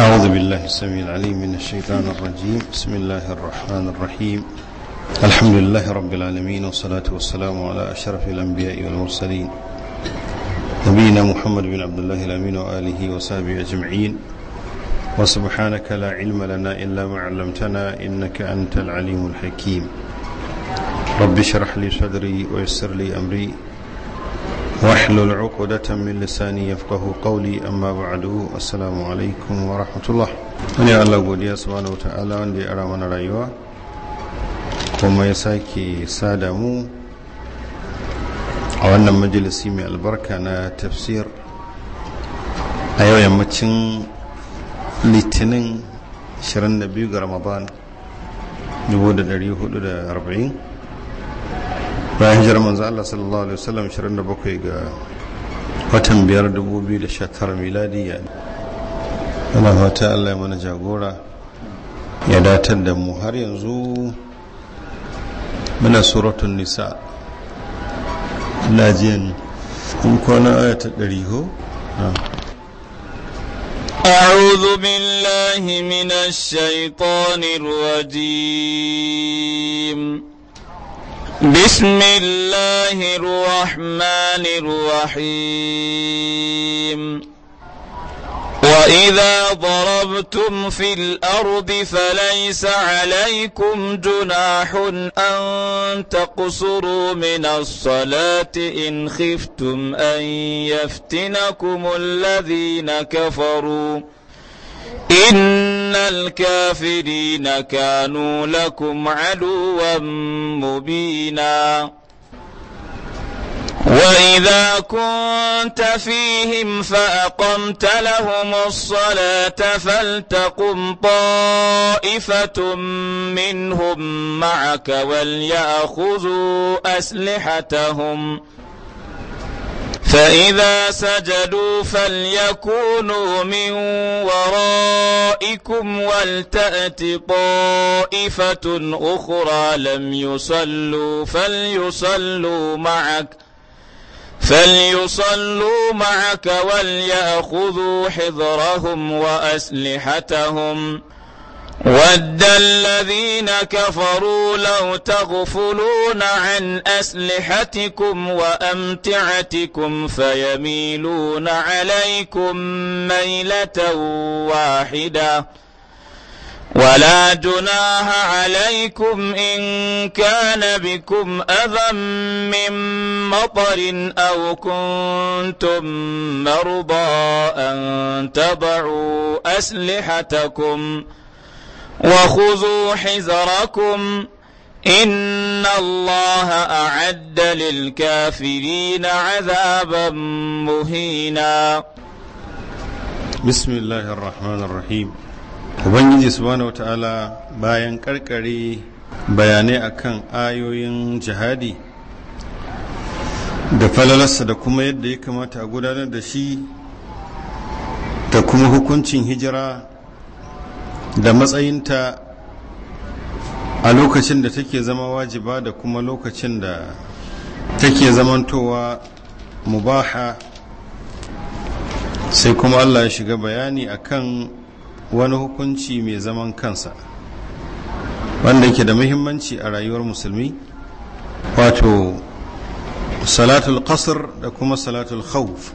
أعوذ بالله السميع العليم من الشيطان الرجيم بسم الله الرحمن الرحيم الحمد لله رب العالمين والصلاة والسلام على أشرف الأنبياء والمرسلين نبينا محمد بن عبد الله الأمين وآله وصحبه أجمعين وسبحانك لا علم لنا إلا ما علمتنا إنك أنت العليم الحكيم رب اشرح لي صدري ويسر لي أمري واحلل عقدة من لساني يفقه قولي أما بعد السلام عليكم ورحمة الله أنا الله godiya subhanahu wataala ya ara mana rayuwa kuma ya sa da mu a wannan majalisi mai albarka na tafsir a yau yammacin litinin 22 ga ramadan 1440 bayan hijirar manzo Allah sallallahu alaihi wasallam 27 ga watan 5 2019 miladiyya ana fata Allah ya mana jagora ya datar da mu har yanzu muna suratun nisa ina jin in ayata aya ho أعوذ بالله من الشيطان الرجيم بسم الله الرحمن الرحيم وإذا ضربتم في الأرض فليس عليكم جناح أن تقصروا من الصلاة إن خفتم أن يفتنكم الذين كفروا إن الكافرين كانوا لكم عدوا مبينا وإذا كنت فيهم فأقمت لهم الصلاة فلتقم طائفة منهم معك وليأخذوا أسلحتهم فإذا سجدوا فليكونوا من ورائكم ولتأت طائفة أخرى لم يصلوا فليصلوا معك فليصلوا معك وليأخذوا حذرهم وأسلحتهم ود الذين كفروا لو تغفلون عن أسلحتكم وأمتعتكم فيميلون عليكم ميلة واحدة ولا جناح عليكم إن كان بكم أذى من مطر أو كنتم مرضى أن تضعوا أسلحتكم ۖ وخذوا حذركم إن الله أعد للكافرين عذابا مهينا بسم الله الرحمن الرحيم Ubangiji subhanahu wa ta'ala bayan karkare bayanai akan ayoyin jihadi da falalarsa da kuma yadda ya kamata a gudanar da shi da kuma hukuncin hijira da matsayinta a lokacin da take zama wajiba da kuma lokacin da take zamantowa mubaha sai kuma allah ya shiga bayani akan wani hukunci mai zaman kansa wanda ke da muhimmanci a rayuwar musulmi wato salatul qasr da kuma salatul khawf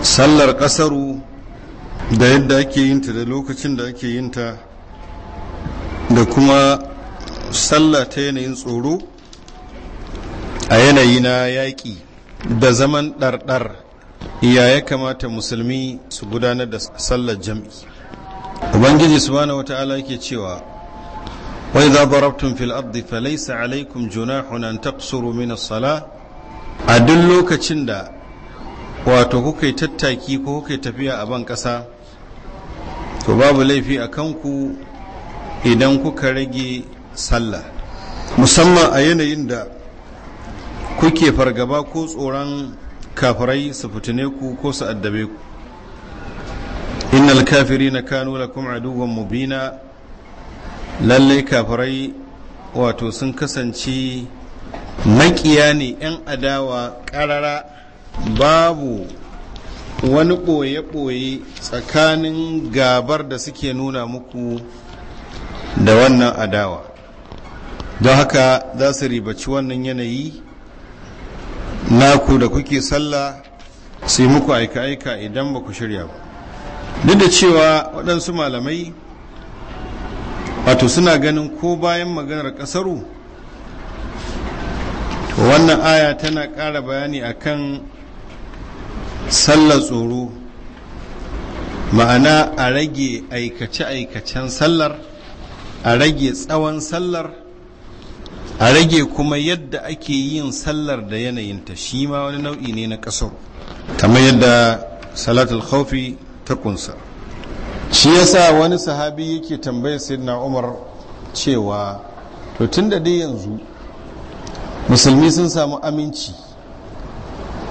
sallar kasaru da yadda ake yin ta da lokacin da ake yin ta da kuma sallah ta yanayin tsoro a yanayi na yaƙi da zaman ɗarɗar ya ya kamata musulmi su gudanar da sallar jam'i ubangiji wata ala yake cewa wai za rabtun fil ardi falaisa alaikum Juna, an taqsuru min sala a duk lokacin da wato kuka yi tattaki ko kuka yi tafiya a ban ƙasa to babu laifi a kanku idan kuka rage sallah musamman a yanayin da kuke fargaba ko tsoron kafirai su fitine ku ko su addabe ku innal kafiri na kanu lakum aduwan mubina lallai kafirai wato sun kasance makiya ne 'yan adawa ƙarara babu wani ɓoye-ɓoye tsakanin gabar da suke nuna muku da wannan adawa don haka za su ribaci wannan yanayi naku da kuke sallah sai muku aika-aika idan ba ku shirya ba duk da cewa waɗansu malamai wato suna ganin ko bayan maganar ƙasaru wannan aya tana ƙara bayani akan sallar tsoro ma'ana a rage aikace-aikacen sallar a rage tsawon sallar a rage kuma yadda ake yin sallar da yanayinta shi ma wani nau'i ne na kasar kamar yadda salatul khawfi ta kunsa shi yasa wani sahabi yake tambayar sayyidina umar cewa to tun da dai yanzu musulmi sun samu aminci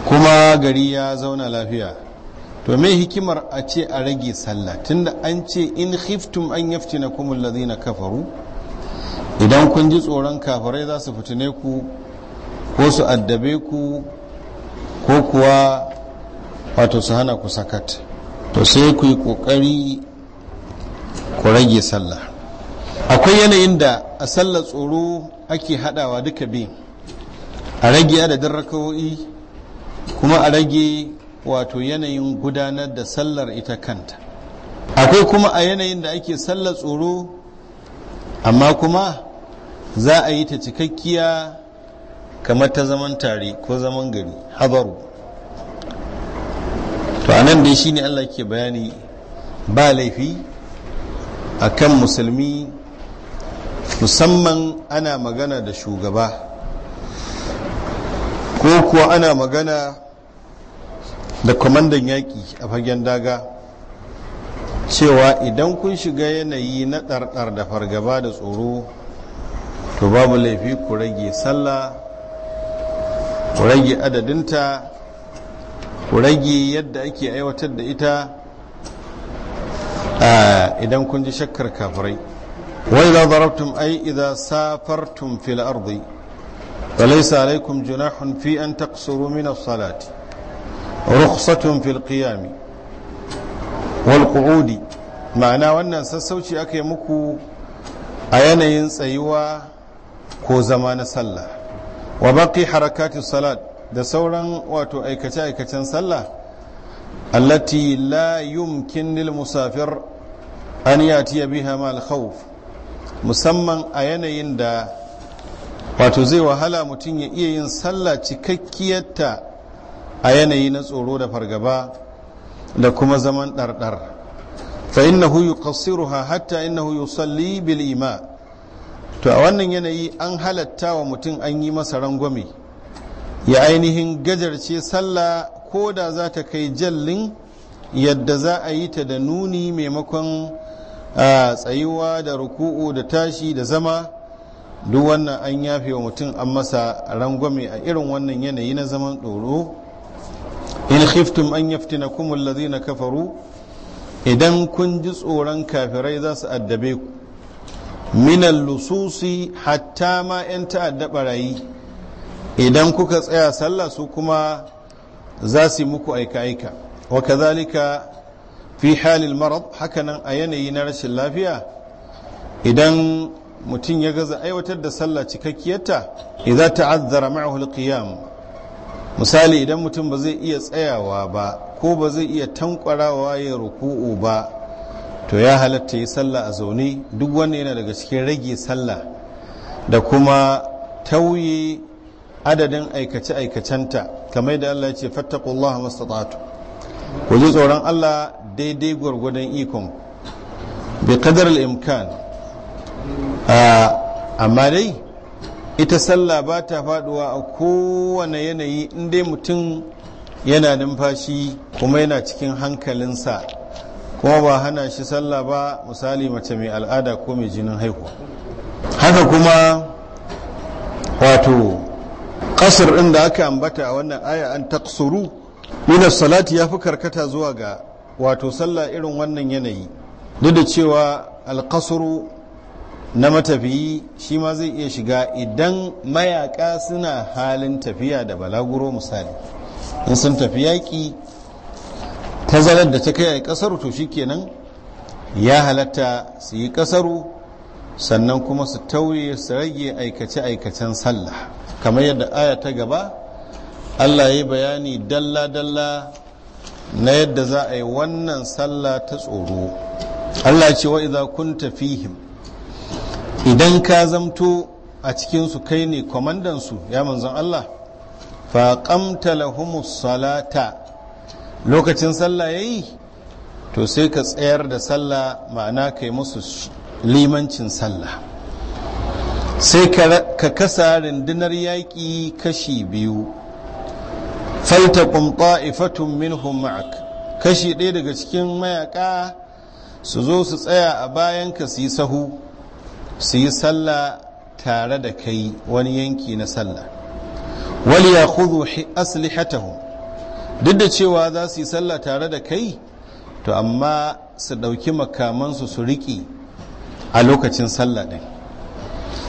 kuma gari ya zauna lafiya to me hikimar a ce a rage sallah tunda an ce in khiftum an yaftina kumul na kafaru idan kun ji tsoron kafarai za su fitine ku ko su addabe ku ko kuwa wato su hana ku sakat to sai ku yi kokari ku rage sallah akwai yanayin da a sallar tsoro ake hadawa duka bi a rage adadin rakawo'i kuma a rage wato yanayin gudanar da sallar ita kanta akwai kuma a yanayin da ake sallar tsoro amma kuma za a yi ta cikakkiya kamar ta zaman tare ko zaman gari habaru to a nan dai shine allah ke bayani ba laifi a kan musulmi musamman ana magana da shugaba ko kuwa ana magana da kwamandan yaƙi a fagen daga cewa idan kun shiga yanayi na ɗarɗar da fargaba da tsoro to babu laifi ku rage sallah ku rage adadinta ku rage yadda ake aiwatar da ita idan kun ji shakkar kafirai wai za zarabtum ai idan safartun fil ardi فليس عليكم جناح في أن تقصروا من الصلاة رخصة في القيام والقعود معنى وأن سسوشي أكي مكو أين ينسيوا ko zama na sallah wa baki harakatu salat da sauran wato aikace-aikacen sallah allati la yumkin lil musafir an yati biha ma al khawf musamman a yanayin da wato zai wahala mutum ya iya yin sallah cikakkiyarta a yanayi na tsoro da fargaba da kuma zaman ɗarɗar fa huyu kasiru ha hatta huyu salli bil ima to a wannan yanayi an halatta wa mutum an yi masa rangwame ya ainihin gajarce sallah ko da za ta kai jallin yadda za a yi ta da nuni maimakon tsayuwa da ruku'u da tashi da zama duk wannan an yafe wa mutum an masa rangwame a irin wannan yanayi na zaman ɗoro in khiftum an yaftina kumul na kafaru idan kun ji tsoron kafirai za su addabe ku minal lususi hatta ma 'yan ta'adda barayi idan kuka tsaya sallah su kuma za su muku aika-aika wa kazalika fi halil marad hakanan a yanayi na rashin lafiya idan mutum ya gaza aiwatar da sallah cikakkiyarta idza ta'azzara ma'ahu qiyam misali idan mutum ba zai iya tsayawa ba ko ba zai iya tankwarawa ya ruku'u ba to ya halatta yi sallah a zaune duk wanda yana daga cikin rage sallah da kuma tauye adadin aikace-aikacenta kamar da Allah ya ce fattaqullaha mastata'tu ku ji tsoron Allah daidai gwargwadon ikon bi qadar al-imkan amma dai ita sallah ba ta faduwa a kowane yanayi inda mutum yana numfashi kuma yana cikin hankalinsa kuma ba hana shi sallah ba misali mace mai al'ada ko mai jinin haihuwa haka kuma wato kasar ɗin da aka ambata a wannan aya an taksuru nuna salati ya fi karkata zuwa ga wato sallah irin wannan yanayi duk da cewa alkasuru na matafiyi shi ma zai iya shiga idan mayaka suna halin tafiya da balaguro misali in sun tafi yaƙi tazarar da ta kai a ƙasar to shi kenan ya halatta su yi ƙasaru sannan kuma su tauye su rage aikace-aikacen sallah kamar yadda aya ta gaba allah ya yi bayani dalla-dalla na yadda za a yi wannan sallah ta tsoro allah ce wa iza kun tafihim idan ka zamto a cikinsu kai ne kwamandansu ya manzan Allah faƙamta lahumus salata lokacin sallah ya yi to sai ka tsayar da sallah ma'ana kai musu limancin sallah sai ka kasa rundunar yaƙi kashi biyu falta ƙumƙa ifatun minhum ma'ak kashi ɗaya daga cikin mayaƙa su zo su tsaya a bayan ka su yi sahu su yi sallah tare da kai wani yanki na sallah wal ya khudhu aslihatahu duk da cewa za su yi sallah tare da kai to amma su ɗauki makamansu su riƙe a lokacin sallah ɗin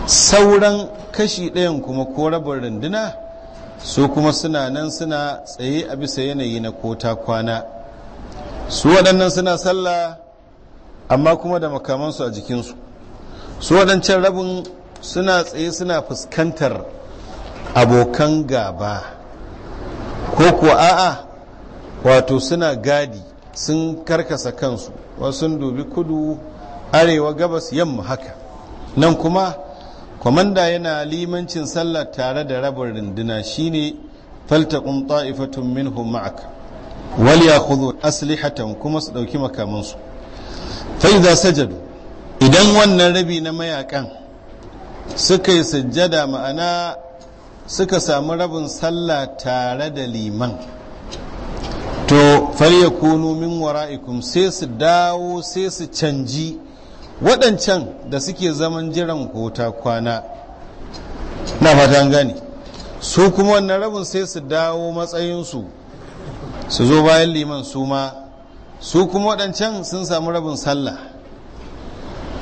sauran kashi ɗayan kuma ko rabin runduna su kuma suna nan suna tsaye a bisa yanayi na kota kwana su waɗannan suna sallah amma kuma da makamansu a jikinsu su waɗancan rabin suna tsaye suna fuskantar abokan gaba ko kuwa a'a wato suna gadi sun karkasa kansu wasu dubi kudu arewa gabas yamma haka nan kuma kwamanda yana limancin sallah tare da rabin rinduna shine faltaqum ta'ifatun minhum ma'ak wal ya'khudhu aslihatan kuma su ɗauki makamansu Faiza, sajadu idan wannan rabi na mayakan suka yi sujjada ma'ana suka samu rabin sallah tare da liman to farya kunu min wara'ikum sai su dawo sai su canji waɗancan da suke zaman jiran kota kwana na fatan gani su kuma wannan rabin sai su dawo matsayinsu su zo bayan liman su ma su kuma waɗancan sun samu rabin sallah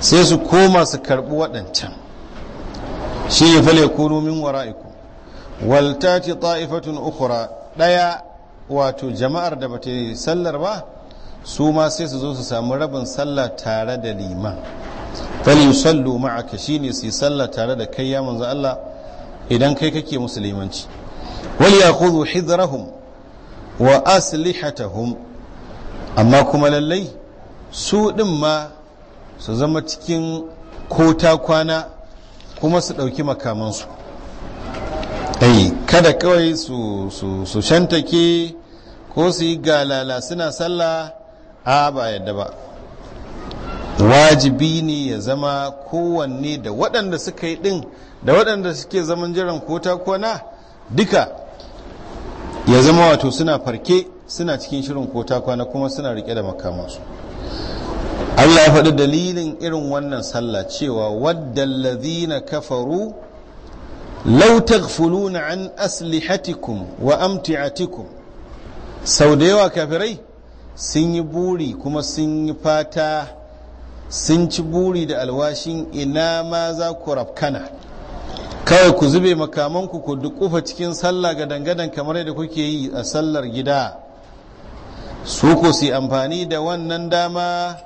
sai su koma su karɓi waɗancan shi ne fale kunu min wara'iku waltati ta'ifatun ukura ɗaya wato jama'ar da bata yi sallar ba su ma sai su zo su samu rabin sallah tare da liman fali sallu ma'aka shine su yi sallah tare da kai ya manzo Allah idan kai kake musulmanci wal kudu hidrahum wa aslihatahum amma kuma lallai su ɗin ma su zama cikin kota kwana kuma su ɗauki makamansu kada kawai su shantake ko su yi galala suna sallah a ba yadda ba wajibi ne ya zama kowanne da waɗanda suka yi ɗin da waɗanda suke zaman jiran kota kwana duka ya zama wato suna farke suna cikin shirin kota kwana kuma suna rike da makamansu Allah ya faɗi dalilin irin wannan sallah cewa waddallazina kafaru lautar fuluna an aslihatikum wa amti'atikum sau da yawa kafirai sun yi buri kuma sun yi fata sun ci buri da alwashin ina ma za ku rafkana kawai ku zube makamanku ku dukufa cikin sallah ga dangadan kamar yadda kuke yi a sallar gida su ku amfani da wannan dama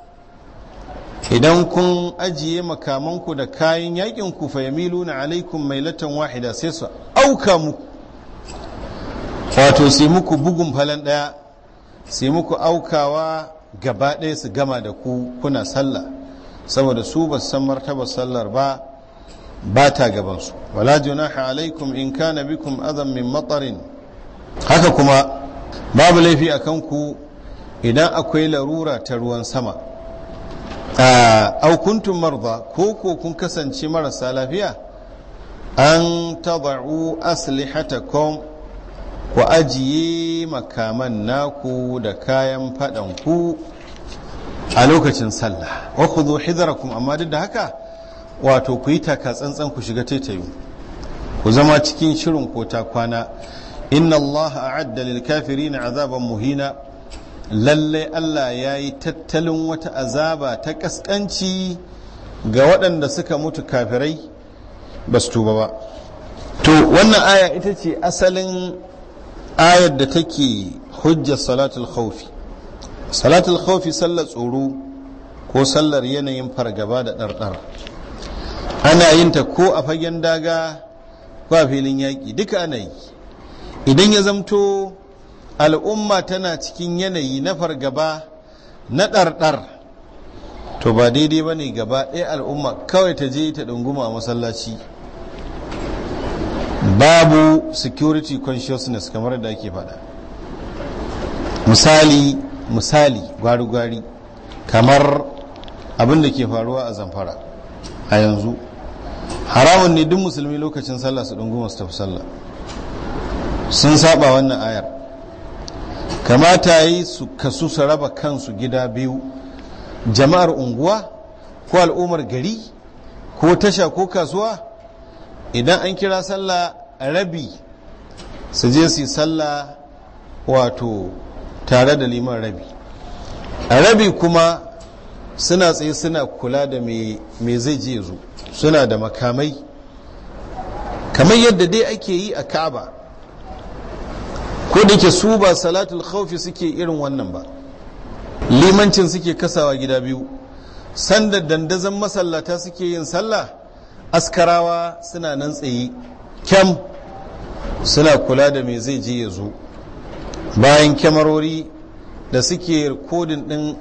idan kun ajiye makamanku da kayan yakin ku fa na alaikum mailatan wahida sai su auka muku wato sai muku bugun falan daya sai muku aukawa gaba ɗaya su gama da ku kuna sallah saboda su ba san martaba sallar ba ba ta gabansu wala junaha alaikum in kana bikum azan min matarin haka kuma babu laifi a kanku idan akwai larura ta ruwan sama au kuntum marza ko ko kun kasance marasa lafiya an tad'u aslihatakum ku ajiye makaman naku da kayan fadan ku a lokacin sallah wa hidara hidrakum amma duk da haka wato ku yi taka tsantsan ku shiga taitayu ku zama cikin shirin kota kwana inna allaha a'adda lil na azaban muhina lallai Allah ya yi tattalin wata azaba ta ƙasƙanci ga waɗanda suka mutu kafirai ba su tuba ba to wannan aya ita ce asalin ayar da take hujjar salatul khawfi salatul khawfi sallar tsoro ko sallar yanayin fargaba da ɗarɗar ana yin ta ko a fagen daga ba filin yaƙi duka ana yi idan ya zamto al'umma tana cikin yanayi na fargaba na ɗarɗar to ba daidai ba ne gaba ɗaya al'umma kawai ta je ta ɗunguma a masallaci babu security consciousness kamar da ake faɗa misali misali gwari-gwari kamar abin da ke faruwa a zamfara a yanzu haramun ne duk musulmi lokacin sallah su ɗunguma su tafi sallah sun saba wannan ayar kamata yi su kasu su raba kansu gida biyu jama'ar unguwa ko al'ummar gari ko tasha ko kasuwa idan an kira sallah rabi su je su yi sallah wato tare da liman rabi rabi kuma suna tsaye suna kula da mai zai je zo suna da makamai kamar yadda dai ake yi a ka'aba ko da yake su ba salatul khawfi suke irin wannan ba limancin suke kasawa gida biyu sanda dandazan masallata suke yin sallah askarawa suna nan tsaye kyam suna kula da me zai je ya zo bayan kyamarori da suke kodin din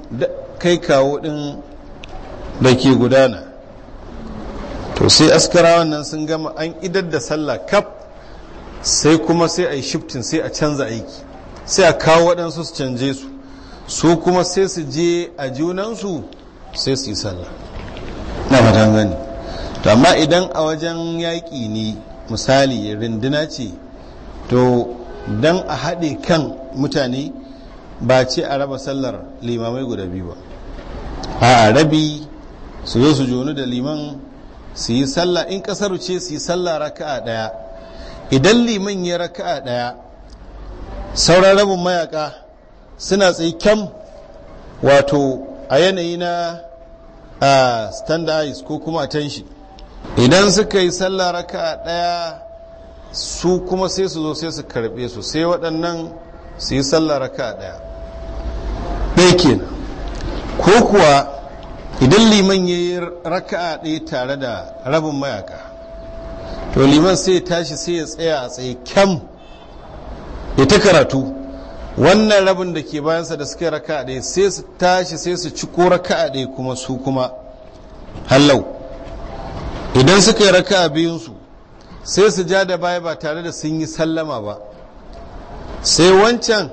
kai kawo din da ke gudana to sai askarawan nan sun gama an idar da sallah kaf sai kuma sai a yi shiftin sai a canza aiki sai a kawo waɗansu su canje su su kuma sai su je a junansu sai su yi sallah na matan gani to amma idan a wajen yaƙi ne misali rinduna ce to don a haɗe kan mutane ba ce a raba sallar limamai guda biyu ba a rabi su zo su jonu da liman su yi sallah in ƙasar ce su yi sallah raka'a ɗaya idan liman ya raka a ɗaya sauran rabin mayaka suna tsaye kyam wato a yanayi na a standardized ko kuma a tanshi idan suka yi sallah a ɗaya su kuma sai su zo sai su karbe su sai waɗannan su yi sallah raka a ɗaya kenan ko kuwa idan liman ya yi raka a ɗaya tare da rabin mayaka to liman sai ya tashi sai ya tsaya a tsaye kyam ya ta karatu wannan rabin da ke bayansa da suka raka a ɗaya sai su tashi sai su ci ko raka a ɗaya kuma su kuma hallau idan suka yi raka a biyunsu sai su ja da baya ba tare da sun yi sallama ba sai wancan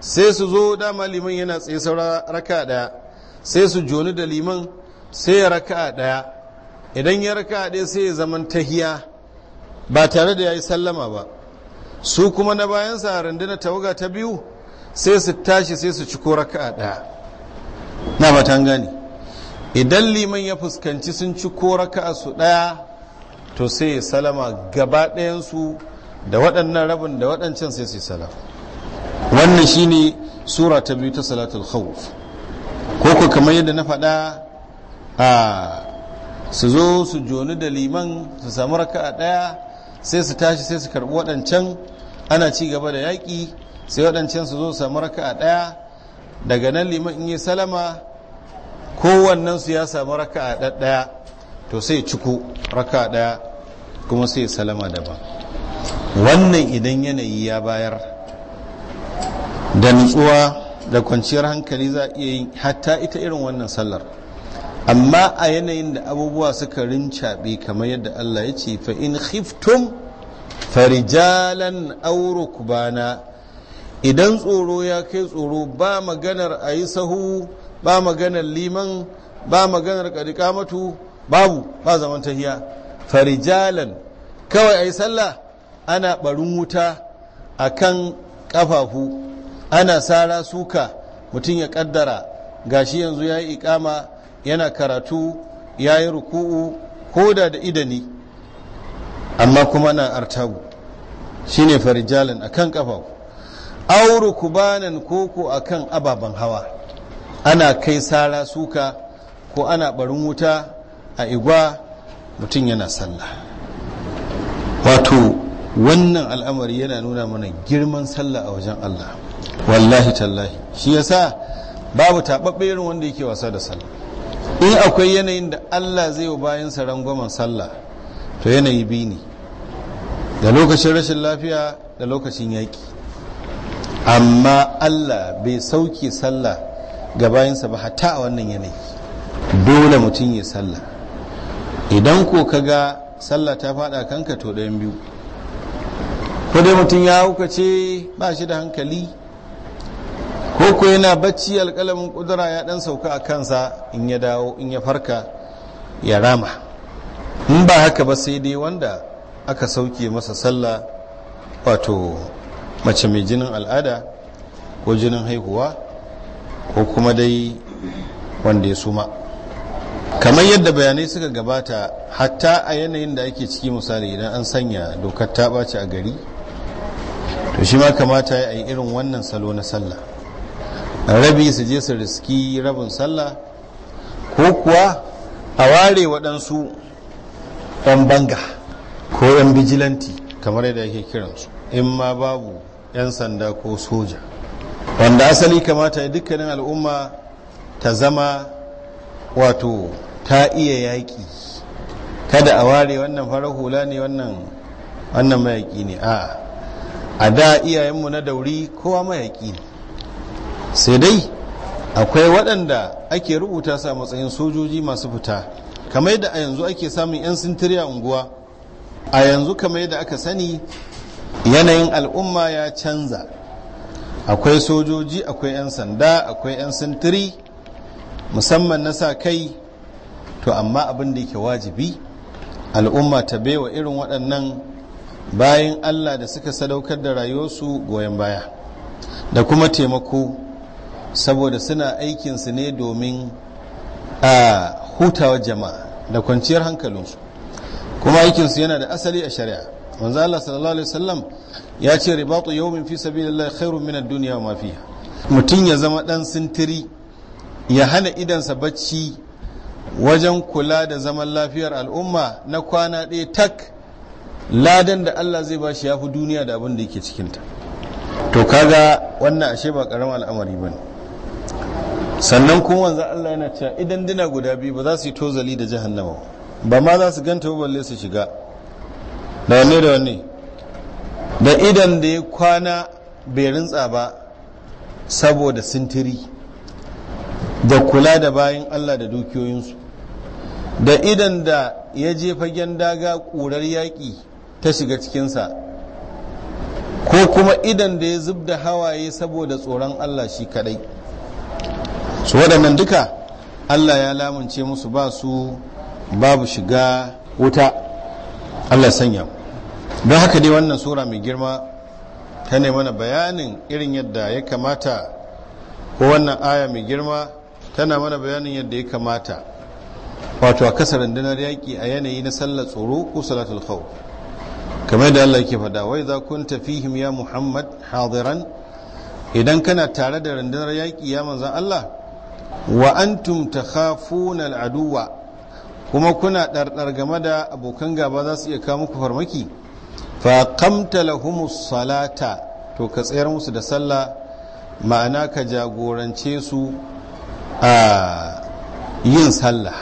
sai su zo dama liman yana tsaye saura raka a ɗaya sai su joni da liman sai ya raka a ɗaya idan ya raka a ɗaya sai ya zaman tahiya ba tare da ya yi sallama ba su kuma na sa a rundunar tawaga ta biyu sai su tashi sai su ci kora ka ɗaya na batan gani idan liman ya fuskanci sun ci kora raka'a su ɗaya to sai ya salama gaba ɗayansu da waɗannan rabin da waɗancan sai su yi salama wannan shi ne sura ta biyu ta salatul khawuf ko ko kamar yadda na faɗa a su zo su joni da liman su samu a ɗaya sai su tashi sai su karbi waɗancan ana ci gaba da yaƙi sai waɗancan su zo samu raka a ɗaya daga nan liman in yi salama kowannensu ya samu raka a ɗaɗɗaya to sai ciko raka a ɗaya kuma sai salama daban wannan idan yanayi ya bayar da nutsuwa da kwanciyar hankali za a iya yin hatta ita irin wannan sallar amma a yanayin da abubuwa suka rincaɓe kamar yadda Allah ya ce fa in khiftum farijalan kubana idan tsoro ya kai tsoro ba maganar a sahu ba maganar liman ba maganar kadikamatu babu ba zaman tahiya farijalan kawai ayi sallah ana ɓarin wuta a kan ƙafafu ana sara suka mutum ya ƙaddara gashi yanzu ya yi ikama. yana karatu ya yi ruku'u ko da idani amma kuma na artabu shine a akan kafa aw rukubanan koko a kan ababen hawa ana kai sara suka ko ana barin wuta a igwa mutum yana sallah wato wannan al'amari yana nuna mana girman sallah a wajen Allah wallahi tallahi shi yasa babu taɓaɓɓe irin wanda yake wasa da sallah in akwai yanayin da Allah zai wa bayansa rangwamen sallah to yanayi bi ne da lokacin rashin lafiya da lokacin yaƙi amma Allah bai sauke sallah ga bayansa ba hatta a wannan yanayi dole mutum ya sallah idan ko ka ga sallah ta faɗa kanka to ɗayan biyu ko dai mutum ya haukace ba shi da hankali ko ko yana bacci alƙalamin ƙudura ya ɗan sauka a kansa in ya dawo in ya farka ya rama in ba haka ba sai dai wanda aka sauke masa sallah wato mace mai jinin al'ada ko jinin haihuwa ko kuma dai wanda ya suma kamar yadda bayanai suka gabata hatta a yanayin da ake ciki misali idan an sanya dokar ta ɓaci a gari to shi ma kamata ya yi irin wannan salo na sallah rabi su je su riski rabin sallah ko kuwa a ware waɗansu ɗan banga ko 'yan bijilanti kamar yadda yake kiransu in ma babu 'yan sanda ko soja wanda asali kamata dukkanin al'umma ta zama wato ta iya yaƙi kada a ware wannan farar hula ne wannan mayaƙi ne a a da iyayenmu na dauri kowa mayaƙi ne sai dai akwai waɗanda ake rubuta su a matsayin sojoji masu fita kamar yadda a yanzu ake samun 'yan sintiri a unguwa a yanzu kamar yadda aka sani yanayin al'umma ya canza akwai sojoji akwai 'yan sanda akwai 'yan sintiri musamman na sa kai to amma abin da yake wajibi al'umma ta baiwa irin waɗannan bayan allah da suka sadaukar da rayuwarsu goyon baya da kuma taimako saboda suna aikinsu ne domin a hutawa jama'a da kwanciyar hankalinsu kuma aikinsu yana da asali a shari'a wanzu Allah sallallahu alaihi wasallam ya ce ribatu yau min fi lallai khairun minar duniya ma fiha mutum ya zama ɗan sintiri ya hana idansa bacci wajen kula da zaman lafiyar al'umma na kwana ɗaya tak ladan da Allah zai ba shi ya fi duniya da abin da yake cikinta to kaga wannan ashe ba ƙaramin al'amari ba ne sannan kuma wanzan Allah yana cewa idan dina guda biyu ba za su yi tozali da jahannama ba ma za su ganta ba balle su shiga da wanne da wanne da idan da ya kwana bai rintsa ba saboda sintiri da kula da bayan Allah da dukiyoyinsu da idan da ya je fagen daga ƙurar yaƙi ta shiga cikinsa ko kuma idan da ya zub da hawaye saboda tsoron Allah shi kadai su waɗannan duka allah ya lamunce musu ba su babu shiga wuta allah sanya don haka dai wannan sura mai girma ta mana bayanin irin yadda ya kamata ko wannan aya mai girma tana mana bayanin yadda ya kamata wato a kasa rundunar yaƙi a yanayi na sallar tsoro ko salatul khaw kamar da Allah ke fada wai za kun tafihim ya Muhammad hadiran idan kana tare da rundunar yaƙi ya manzan Allah wa antum takhafuna aduwa kuma kuna ɗarɗar game da abokan gaba za su iya kawo muku farmaki fa qamta lahumus salata to ka tsayar musu da sallah ma'ana ka jagorance su a yin sallah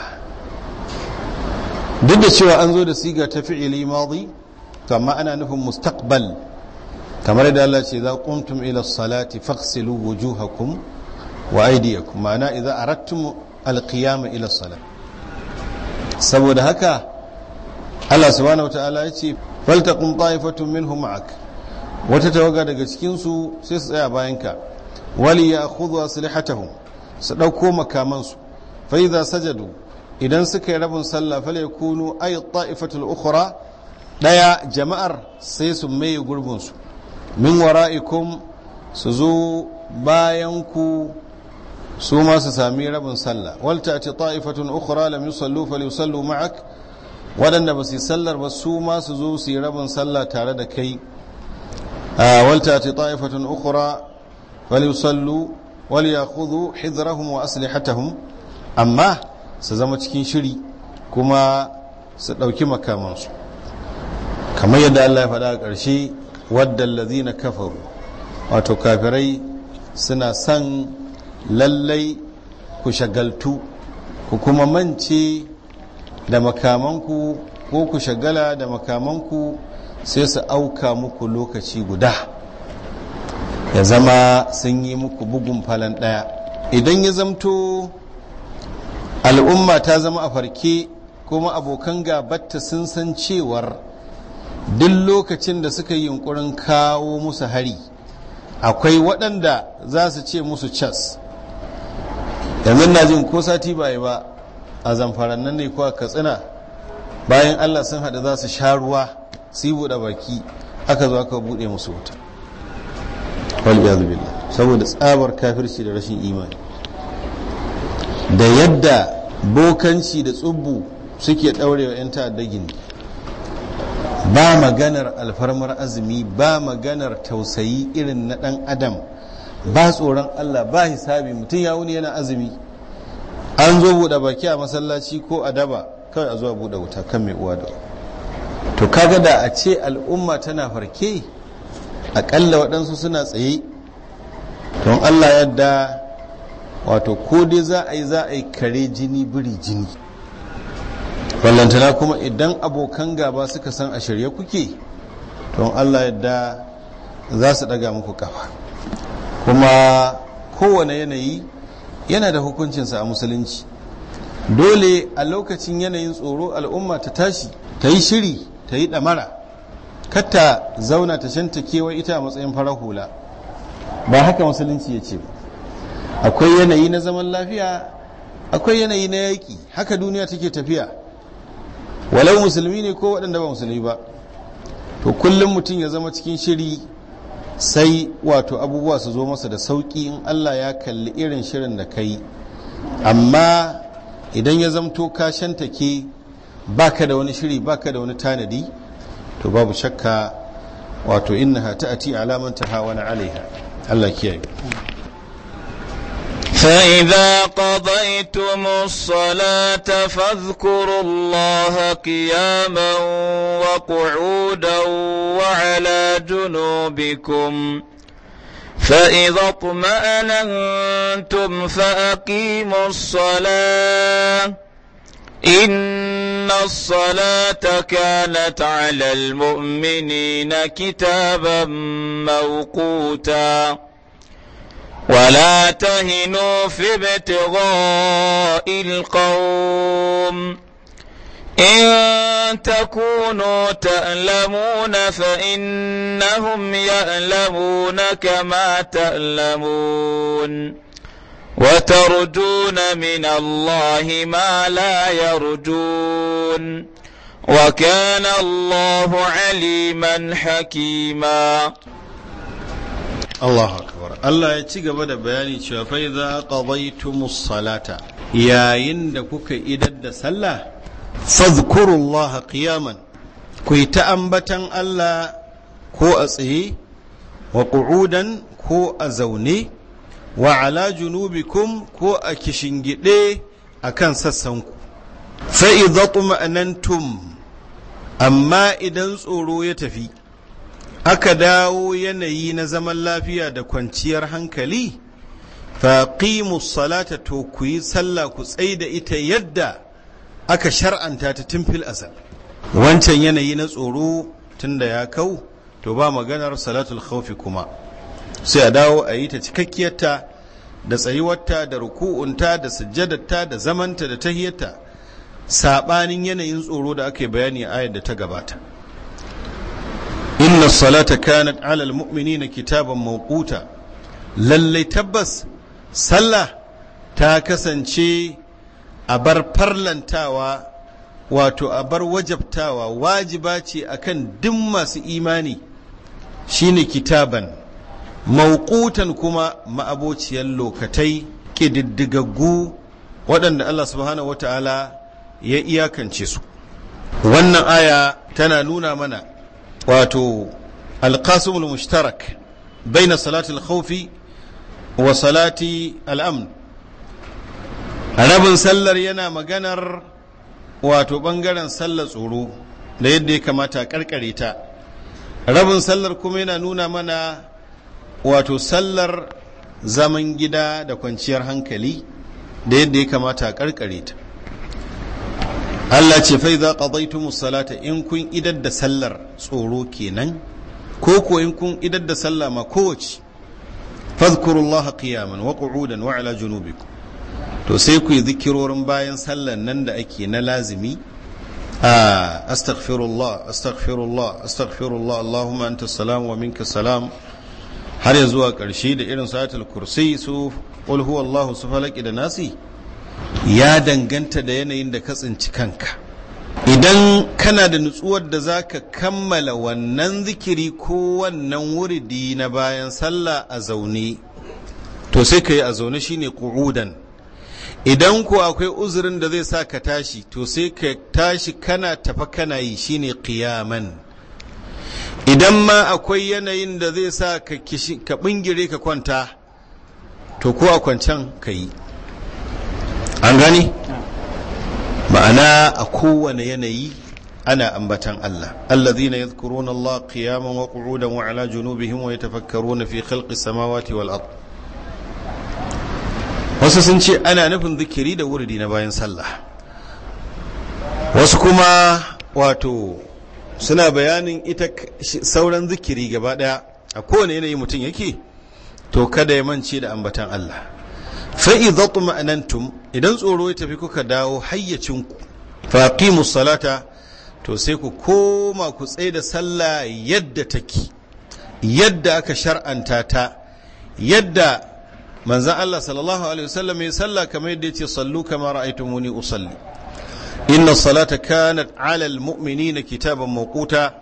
duk da cewa an zo da siga ta fi'ili madi amma ana nufin mustaqbal kamar da Allah ce za qumtum ila salati faghsilu wujuhakum wa aydiyakum ma'ana idza aradtum alqiyama ila salat saboda haka Allah subhanahu wataala ya ce faltaqum ta'ifatun minhum ma'ak wata tawaga daga cikin su sai su tsaya bayanka wali ya'khudhu aslihatahum su dauko makamansu fa'iza fa idza sajadu idan suka yi rabin sallah fal yakunu ay ta'ifatul ukhra daya jama'ar sai su maye gurbin su min wara'ikum su zo bayan ku su ma su sami rabin sallah wal ta'ti ta'ifatun ukhra lam yusallu falyusallu ma'ak waɗanda ba su sallar ba su ma su zo su yi rabin sallah tare da kai wal ta'ti ta'ifatun ukhra falyusallu wal ya'khudhu hidrahum wa aslihatahum amma su zama cikin shiri kuma su ɗauki makamansu kamar yadda Allah ya faɗa a ƙarshe wadda lazina kafaru wato kafirai suna san. lallai ku shagaltu ku kuma mance da makamanku ko ku shagala da makamanku sai su auka muku lokaci guda ya zama sun yi muku bugun falon ɗaya idan ya zamto al'umma ta zama a farke kuma abokan gabata sun san cewar duk lokacin da suka yi yunkurin kawo musu hari akwai waɗanda za su ce musu cas yanzu na jin ko sati ba yi ba a zamfaran nan ne ko a katsina bayan allah sun haɗu za su sha ruwa su yi buɗe baki aka zo aka buɗe musu wuta saboda tsabar kafirci da rashin imani da yadda bokanci da tsubbu suke ɗaurewa 'yan ta'adda gini ba maganar alfarmar azumi ba maganar tausayi irin na ɗan adam ba tsoron Allah ba hisabi mutum ya wuni yana azumi an zo buɗe baki a masallaci ko a daba kawai a zuwa buɗe wuta kan mai uwa da to kaga da a ce al'umma tana farke aƙalla waɗansu suna tsaye don Allah yadda wato ko dai za a yi za a yi kare jini biri jini ballantana kuma idan abokan gaba suka san a shirye kuke don Allah yadda za su ɗaga muku ƙafa. kuma kowane yanayi yana da hukuncinsa a musulunci dole a lokacin yanayin tsoro al'umma ta tashi ta yi shiri ta yi ɗamara katta zauna ta shanta kewa ita a matsayin farar hula ba haka musulunci ya ce akwai yanayi na zaman lafiya akwai yanayi na yaƙi haka duniya take tafiya walau musulmi ne ko waɗanda ba musulmi ba to kullum mutum ya zama cikin shiri sai wato abubuwa su zo masa da sauki in allah ya kalli irin shirin da ka amma idan ya zamto ka ke baka da wani shiri baka da wani tanadi to babu shakka wato innaha ta'ati alaman na alaiha Allah kiyaye فإذا قضيتم الصلاة فاذكروا الله قياما وقعودا وعلى جنوبكم فإذا اطمأننتم فأقيموا الصلاة إن الصلاة كانت على المؤمنين كتابا موقوتا ولا تهنوا في ابتغاء القوم إن تكونوا تألمون فإنهم يألمون كما تألمون وترجون من الله ما لا يرجون وكان الله عليما حكيما الله أكبر Allah ya ci gaba da bayani cewa fa idza qadaytumus salata yayin da kuka idar da sallah fadhkurullaha qiyaman ku yi ta ambatan Allah ko a tsaye wa qu'udan ko a zaune wa ala junubikum ko a kishingide akan sassanku fa idza tuma'anantum amma idan tsoro ya tafi aka dawo yanayi na zaman lafiya da kwanciyar hankali faqimu salata to ku yi sallah ku tsai da ita yadda aka shar'anta ta tun fil wancan yanayi na tsoro tunda ya kau to ba maganar salatul khawfi kuma sai a dawo a yi ta cikakkiyarta da tsayuwarta da ruku'unta da sujjadarta da zamanta da tahiyarta saɓanin yanayin tsoro da aka yi bayani a ayar da ta gabata inna salata kanat alal mu'minina kitaban mawquta lallai tabbas sallah ta kasance a bar farlantawa wato a bar wajabtawa wajiba ce akan duk masu imani shine kitaban maukutan kuma ma'abociyar lokatai ƙididdigaggu waɗanda Allah subhanahu wata'ala ya iyakance su wannan aya tana nuna mana wato alƙasimul mushtarak baina salatul khaufi wa salati al'amn rabin sallar yana maganar wato ɓangaren sallar tsoro da yadda ya kamata karkare ta rabin sallar kuma yana nuna mana wato sallar zaman gida da kwanciyar hankali da yadda ya kamata karkare ta Allah ce fai za qadaytumus salata in kun idar da sallar tsoro kenan ko ko in kun idar da sallah ma kowace fadhkurullaha qiyaman wa qu'udan wa ala junubikum to sai ku yi zikirorin bayan sallar nan da ake na lazimi a astaghfirullah astaghfirullah astaghfirullah allahumma anta salam wa minka salam har ya zuwa ƙarshe da irin satul kursi su qul huwallahu su falaki da nasi ya danganta da yanayin da ka tsinci kanka idan kana da nutsuwar da za ka kammala wannan zikiri ko wannan wuridi na bayan sallah a zaune to sai ka yi a zaune shine ƙu'udan idan ko akwai uzurin da zai sa ka tashi to sai ka tashi kana tafa kana yi shine ƙiyaman. idan ma akwai yanayin da zai sa ka bingire ka kwanta to ko a kwancan ka yi an gani ma'ana a kowane yanayi ana ambatan Allah allazina yadhkuruna Allah qiyaman wa qu'udan wa ala junubihim wa yatafakkaruna fi khalqis samawati wal ard wasu sun ce ana nufin zikiri da wurdi na bayan sallah wasu kuma wato suna bayanin ita sauran zikiri gaba daya a kowane yanayi mutum yake to kada ya mance da ambatan Allah nan tuma'anantum idan tsoro ya tafi kuka dawo hayyacinku faqimu salata to sai ku koma ku tsaye da sallah yadda take yadda aka shar'anta ta yadda manzan Allah sallallahu alaihi wasallam ya sallah kamar yadda ce sallu kama ra'aytumuni usalli inna salata kanat mumini almu'minina kitaban mawquta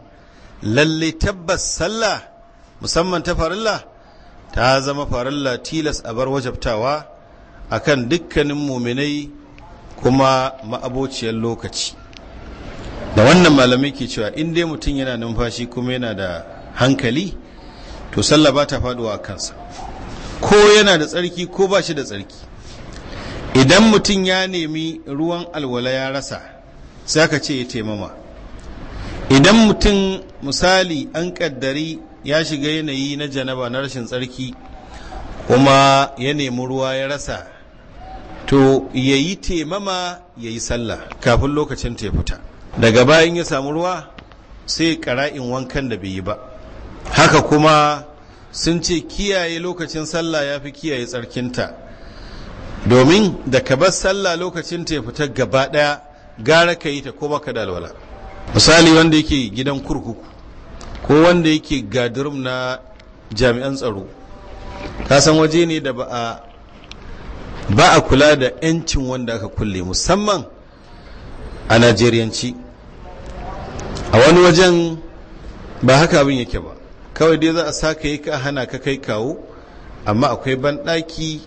lalle tabbas sallah musamman ta farilla ta zama farilla tilas a bar wajabtawa akan dukkanin muminai kuma ma'abociyar lokaci da wannan malamai ke cewa in dai mutum yana numfashi kuma yana da hankali to sallah ba ta faduwa a kansa ko yana da tsarki ko ba shi da tsarki idan mutum ya nemi ruwan alwala ya rasa sai aka ce ya taimama idan mutum misali an kaddari ya shiga yanayi na janaba na rashin tsarki kuma ya nemi ruwa ya rasa to ya yi temama ya yi sallah kafin lokacin ta fita daga bayan ya samu ruwa sai kara'in wankan da bai yi ba haka kuma sun ce kiyaye lokacin sallah ya fi kiyaye tsarkinta domin da ka bar sallah lokacin ta fita gaba daya gara ka yi ta ko ka dalwala misali wanda yake gidan kurkuku ko wanda yake gadirum na jami'an tsaro ka san waje ne da ba a ba a kula da 'yancin wanda aka kulle musamman a najeriyanci a wani wajen ba haka abin yake ba kawai dai za a sa ka yi ka hana ka kai kawo amma akwai banɗaki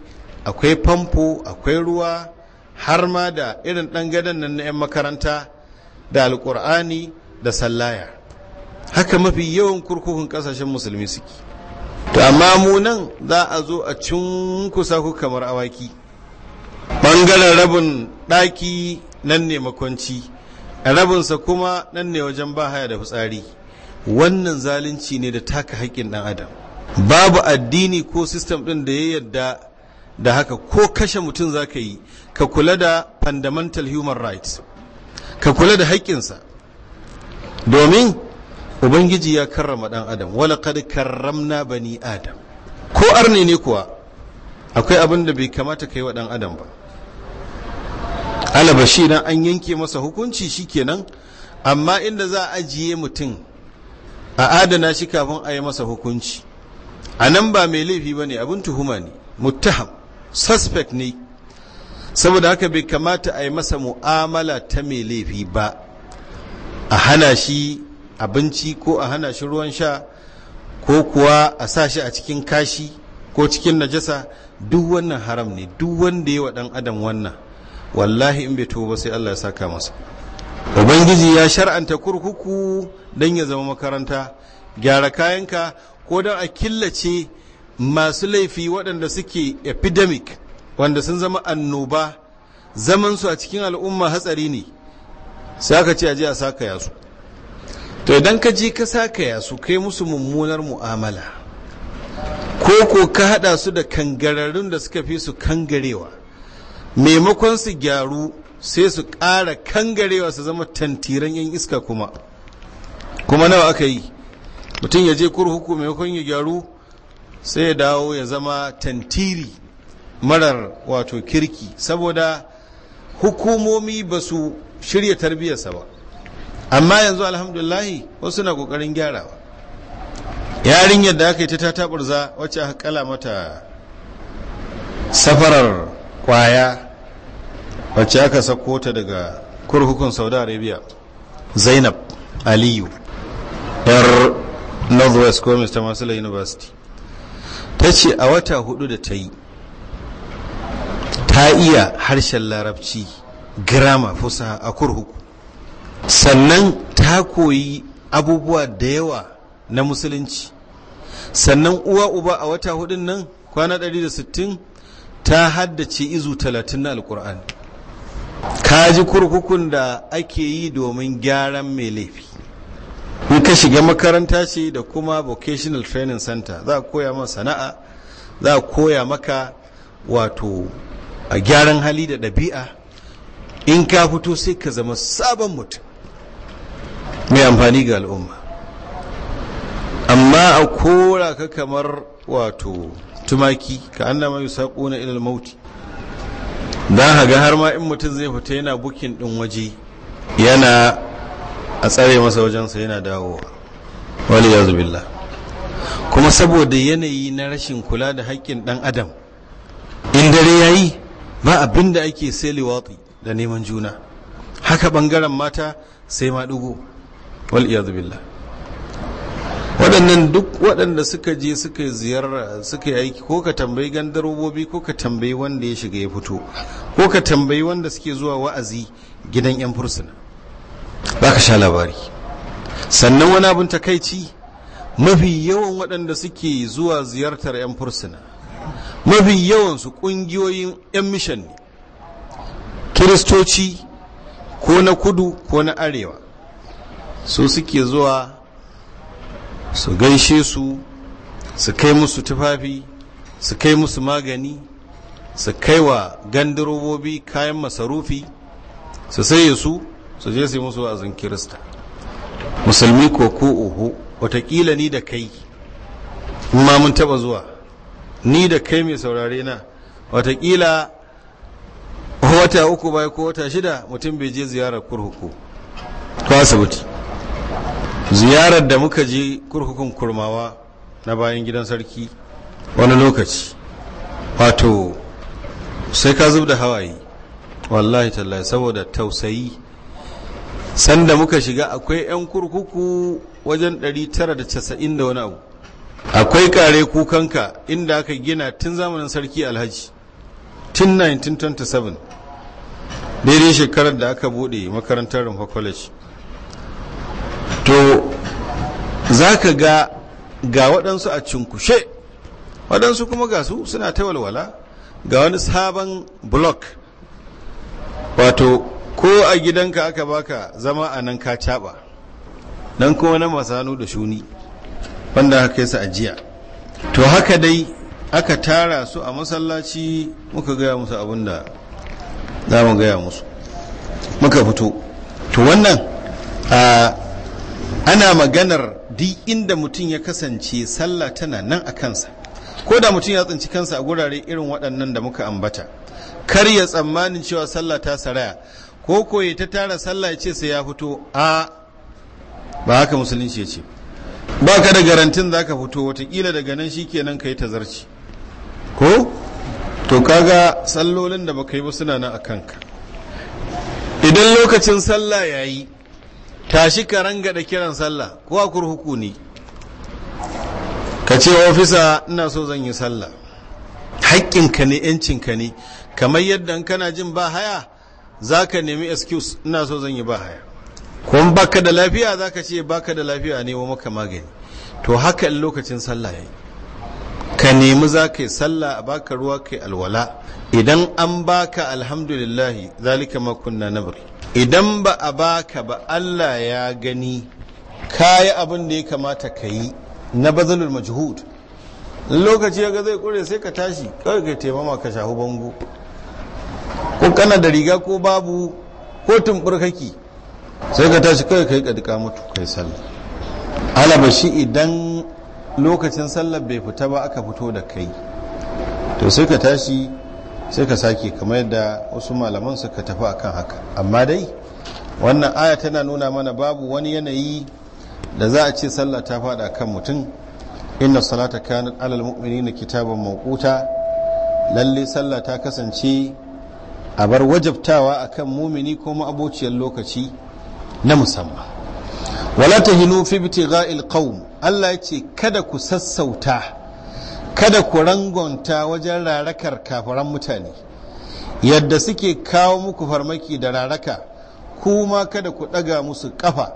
akwai famfo akwai ruwa har ma da irin ɗan gadon nan na 'yan makaranta da alƙur'ani da sallaya haka mafi yawan kurkukun ƙasashen musulmi suke to amma mu nan za a zo a cunkusa ku kamar awaki ɓangaren rabin ɗaki nan ne makwanci rabinsa kuma nan ne wajen ba haya da fitsari wannan zalunci ne da taka haƙƙin ɗan adam babu addini ko sistem ɗin da ya yadda da haka ko kashe mutum za ka yi ka kula da fundamental human rights ka kula da haƙƙinsa domin ubangiji ya karrama ɗan adam wala kad karramna bani adam ko arne ne kuwa akwai abin da bai kamata ka yi wa ɗan adam ba alaba shi nan an yanke masa hukunci shikenan amma inda za a ajiye mutum a adana shi kafin a yi masa hukunci a nan ba mai laifi ba ne abin tuhuma ne mutaham suspect ne saboda haka bai kamata a yi masa mu'amala ta mai laifi ba a hana shi abinci ko a hana shi ruwan sha ko kuwa a sa shi a cikin kashi ko cikin najasa duk wannan haram ne duk wanda ya wa ɗan adam wannan wallahi in bai tuba sai Allah ya saka masa ubangiji ya shar'anta kurkuku don ya zama makaranta gyara kayanka ko don a killace masu laifi waɗanda suke epidemic wanda sun zama annoba zamansu a cikin al'umma hatsari ne sai aka ce aje a saka yasu to idan ka je ka saka yasu kai musu mummunar mu'amala ko ko ka haɗa su da kangararrun da suka fi su kangarewa maimakon su gyaru sai su ƙara kangarewa su zama tantiran yan iska kuma kuma nawa aka yi mutum ya je kurkuku maimakon ya gyaru sai ya dawo ya zama tantiri marar wato kirki saboda hukumomi ba su shirya tarbiyyarsa ba amma yanzu alhamdulahi wasu na ƙoƙarin gyarawa yarinyar da aka yi ta za wacce aka kala mata safarar kwaya wacce aka sako ta daga kurkukun saudi arabia zainab aliyu yar northwest commerce ta masala university ta ce a wata hudu da ta yi ta iya harshen larabci girama fusa a kurhuku. sannan ta koyi abubuwa da yawa na musulunci sannan uwa uba a wata hudun nan kwana 160 ta haddace izu talatin na alkur'ani ka ji kurkukun da ake yi domin gyaran mai laifi in ka shiga makaranta ce da kuma vocational training center za a koya maka sana'a za a koya maka wato a gyaran hali da ɗabi'a in ka fito sai ka zama sabon mutum mai amfani ga al'umma amma a kora ka kamar wato tumaki ka nama yusa ƙuna ilal mauti don haga har ma in mutum zai fita yana bukin ɗin waje yana a tsare masa wajensa yana dawowa wali ya zubilla. kuma saboda yanayi na rashin kula da haƙƙin ɗan adam in dare ya yi ba abin da ake sai liwatsi da neman juna haka ɓangaren mata sai ma ɗugo wali ya billah waɗannan duk waɗanda suka je suka ziyara suka yi aiki ko ka tambayi gandarobobi ko ka tambayi wanda ya shiga ya fito ko ka tambayi wanda suke zuwa wa'azi gidan 'yan fursuna ba ka sha labari sannan wani abin takaici mafi yawan waɗanda suke zuwa ziyartar 'yan fursuna mafi yawan su ƙungiyoyin 'yan mishan ne kiristoci ko na kudu ko na arewa su suke zuwa su gaishe su su kai musu tufafi su kai musu magani su kai wa gandarobobi kayan masarufi su saye su su je su yi musu wa'azin kirista musulmi ko ko oho watakila ni da kai ma mun taba zuwa ni da kai mai saurare na watakila wata uku bai ko wata shida mutum bai je ziyarar kurkuku ko asibiti ziyarar da muka je kurkukun kurmawa na bayan gidan sarki wani lokaci wato sai ka zub da hawaye wallahi tallahi saboda tausayi sanda muka shiga akwai 'yan kurkuku wajen 990 da wani abu akwai kare kukanka inda aka gina tun zamanin sarki alhaji tun 1927 daidai shekarar da aka bude makarantar rumfa college to za ka ga ga waɗansu a cinkushe waɗansu kuma ga su suna ta walwala ga wani sabon blok wato ko a gidanka aka baka zama a nan ka caɓa nan kuma na masu hannu da shuni wanda haka yasa ajiya to haka dai aka tara su a masallaci muka gaya musu abin da za mu gaya musu muka fito to wannan ana maganar duk inda mutum ya kasance sallah tana nan a kansa ko da mutum ya tsinci kansa a gurare irin waɗannan da muka ambata kar ya tsammanin cewa sallah ta saraya ko koyi ta tara sallah ya ce sai ya fito a ba haka musulunci ya ce ba ka da garantin za ka fito watakila daga nan shi kenan ka yi tazarci ko to kaga sallolin da baka yi ba suna nan a kanka idan lokacin sallah ya yi tashi ka rangada kiran sallah ko a hukuni ka ce ofisa ina so zan yi sallah haƙƙinka ne yancinka ne kamar yadda kana jin ba haya za ka nemi excuse ina so zan yi ba haya kuma baka da lafiya za ka ce baka da lafiya ne wa maka magani to haka in lokacin sallah ya ka nemi za ka yi sallah a baka ruwa ka yi alwala idan an baka alhamdulillahi zalika makunna nabri idan ba a baka ba Allah ya gani kayi abin da ya kamata ka yi na bazalul majhud lokaci ya ga zai kure sai ka tashi kawai ka taimama ka shahu bango ko kana da riga ko babu ko tumbur kake sai ka tashi kawai ka yi kadika mutu kai sallah alaba shi idan lokacin sallar bai fita ba aka fito da kai to sai ka tashi sai ka sake kamar yadda wasu malaman suka tafi akan haka amma dai wannan aya tana nuna mana babu wani yanayi da za a ce sallah ta fada kan mutum inna salata kan alal mu'minina kitaban mawquta lalle sallah ta kasance a bar wajabtawa akan mumini ko ma'abociyar lokaci na musamman wala tahinu fi ibtigha'il qaum Allah ya ce kada ku sassauta kada ku rangonta wajen rarakar kafaran mutane yadda suke kawo muku farmaki da raraka kuma kada ku ɗaga musu ƙafa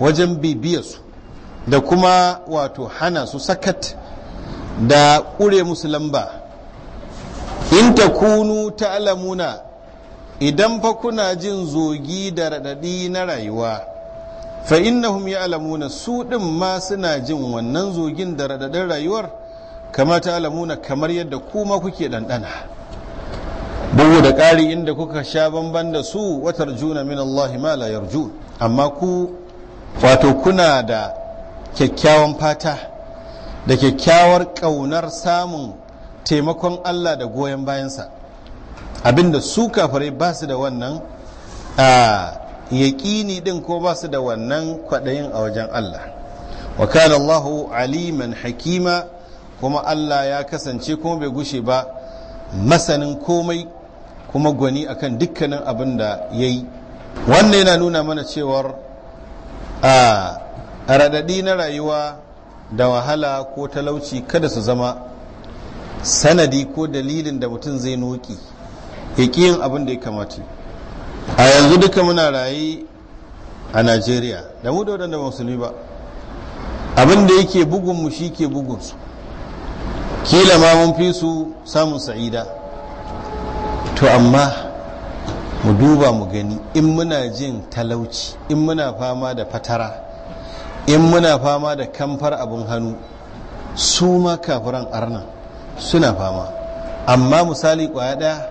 wajen su, da kuma wato hana su sakat da ƙure musu lamba in ta kunu ta alamuna idan fa kuna jin zogi da raɗaɗi na rayuwa fa innahum ya alamuna su ɗin ma suna jin wannan zogin da raɗaɗin rayuwar kama ta alamuna kamar yadda kuma kuke ɗanɗana bugu da ƙari inda kuka sha bamban da su watar juna min Allah ma la yarju amma ku wato kuna da kyakkyawan fata da kyakkyawar ƙaunar samun taimakon Allah da goyon bayansa abinda su kafare ba su da wannan yaƙini ɗin ko ba su da wannan kwaɗayin a wajen Allah wa kana Allahu aliman hakima kuma Allah ya kasance kuma bai gushe ba masanin komai kuma gwani akan dukkanin abin da ya yi wannan yana nuna mana cewar a raɗaɗi na rayuwa da wahala ko talauci kada su zama sanadi ko dalilin da mutum zai noki ya yin abin da ya kamata a yanzu duka muna raye a najeriya da mu da waɗanda musulmi ba abin da yake bugunmu shi ke bugunsu kila ma mun fi su samun sa'ida to amma mu duba mu gani in muna jin talauci in muna fama da fatara in muna fama da kamfar abin hannu su ma kafiran arna suna fama amma misali kwaya ɗaya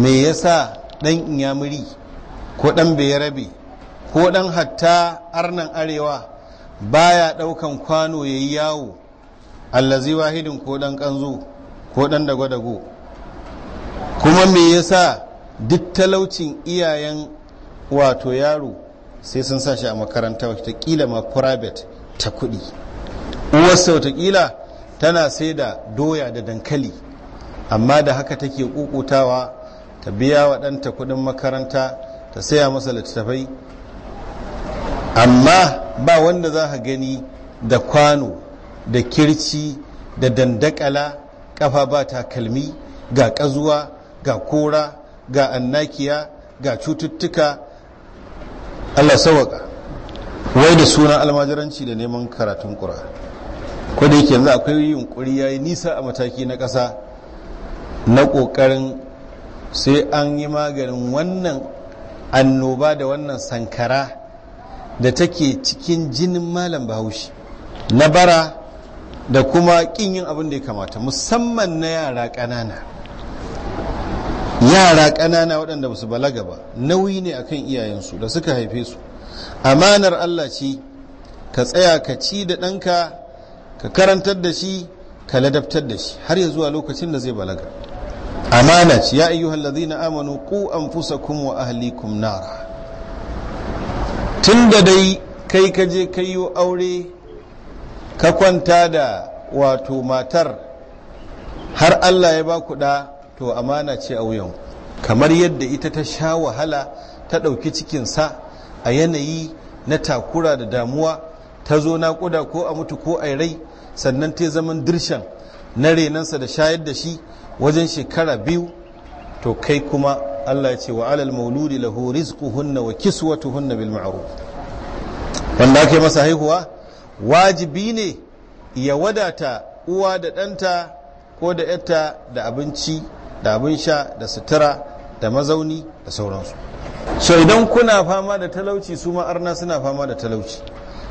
me yasa ɗan inyamuri ko ɗan bayarabe ko ɗan hatta arnan arewa baya ɗaukan kwano ya yi yawo allazi wahidin ko dan kanzu ko dan dago-dago kuma me yasa duk talaucin iyayen wato yaro sai sun sa shi a makaranta watakila ma private ta kuɗi uwarsa kila tana sai da doya da dankali amma da haka take kukutawa ta biya wa ɗanta kuɗin makaranta ta saya masa littattafai amma ba wanda za ka gani da kwano da kirci da dandakala kafa ba takalmi ga kazuwa ga kora ga annakiya ga cututtuka allah sawaka wai da sunan almajiranci da neman karatun kura. ko da yake yanzu akwai yunkuri ya yi nisa a mataki na ƙasa na ƙoƙarin sai an yi maganin wannan annoba da wannan sankara da take cikin jinin malam bahaushe na bara da kuma kin yin abin da ya kamata musamman na yara ƙanana yara ƙanana waɗanda ba su balaga ba nauyi ne akan iyayensu da suka haife su amanar Allah ce ka tsaya ka ci da ɗanka ka karantar da shi ka ladabtar da shi har ya zuwa lokacin da zai balaga amana ce ya ayyuhal na amanu ku kuma wa ahlikum nara da dai kai ka je yi aure ka kwanta da wato matar har Allah ya ba ku da to amana ce a wuyan kamar yadda ita ta sha wahala ta ɗauki cikinsa a yanayi na takura da damuwa ta zo na naƙuda ko a mutu ko a rai sannan ta zaman dirshan na renansa da shayar da shi wajen shekara biyu to kai kuma Allah ya ce wa alal mauludi lahu rizquhunna wa kiswatuhunna bil ma'ruf wanda ake masa haihuwa wajibi ne ya wadata uwa da ɗanta ko da ‘yarta da abinci da abin sha da sutura da mazauni da sauransu so idan kuna fama da talauci su ma'arna arna suna fama da talauci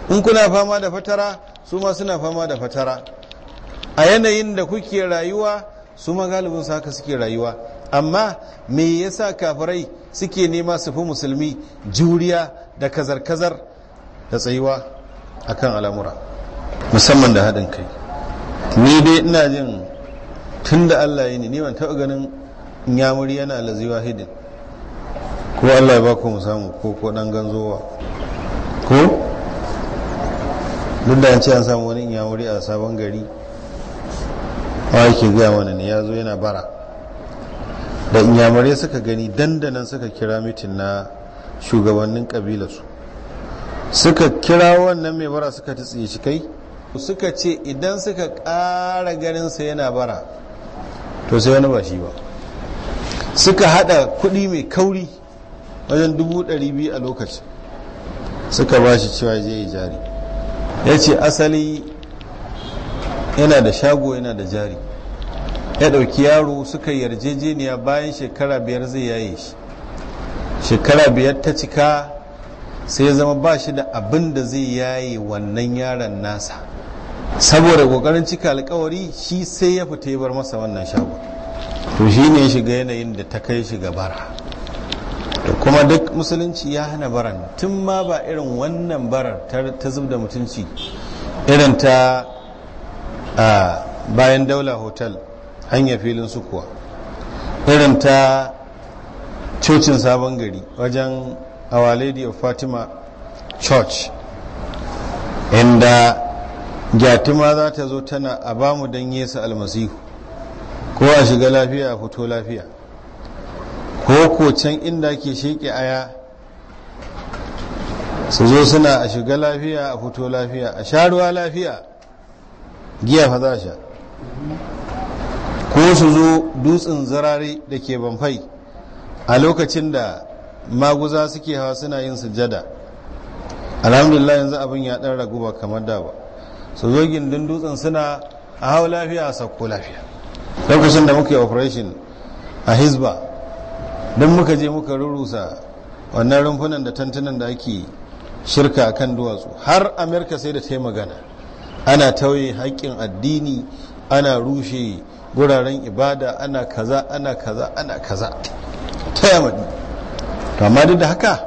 in kuna fama da fatara su ma suna fama da fatara a yanayin da kuke rayuwa su ma galibin su haka suke rayuwa amma me yasa kafirai suke nema su fi musulmi juriya da kazar-kazar da tsayuwa akan al'amura musamman da haɗin kai ni dai ina jin tun da Allah yi ne ni ban taɓa ganin nyamuri yana lazi wahidin ko Allah ya ba ku mu samu ko ko dan ganzowa ko duk da an ce an samu wani nyamuri a sabon gari a yake gaya mana ne ya zo yana bara da inyamurai suka gani dandanan suka kira mitin na shugabannin ƙabilarsu. suka kira wannan mai bara suka tsaye shi kai suka ce idan suka ƙara ganinsa yana bara to sai wani ba shi ba suka hada kuɗi mai kauri wajen dubu biyu a lokacin suka ba shi cewa je jari ya ce asali yana da shago yana da jari ya ɗauki yaro suka yarjejeniya bayan shekara biyar zai yaye shi shekara biyar ta cika sai ya zama ba shi da abin da zai yaye wannan yaron nasa saboda kokarin cika alkawari shi sai ya fita ya bar masa wannan shago to shi ne ya shiga yanayin da ta kai shi ga bara da kuma duk musulunci ya hana baran tun ma ba irin wannan barar ta zub da mutunci irin ta bayan daula hotel hanya filin sukuwa irin ta cocin sabon gari wajen Our Lady of Fatima Church. Inda gyatima za ta zo tana a bamu mu don Yesu almasihu, ko a shiga lafiya a fito lafiya, ko ko can inda ke sheƙi aya su zo suna a shiga lafiya a fito lafiya, a sharuwa lafiya, giya fa za sha. ko su zo dutsen zarare da ke banfai a lokacin da maguza suke hawa suna yin sujada alhamdulillah yanzu abin ya dan ragu ba kamar da ba su yogin gindin dutsen suna a hau lafiya a sauko lafiya lokacin da muke operation a hisba don muka je muka rurusa wannan rumfunan da tantunan da ake shirka a kan duwatsu har amerika sai da ta yi magana ana tauye haƙƙin addini ana rushe guraren ibada ana kaza ana kaza ana kaza ta yamma to amma duk da haka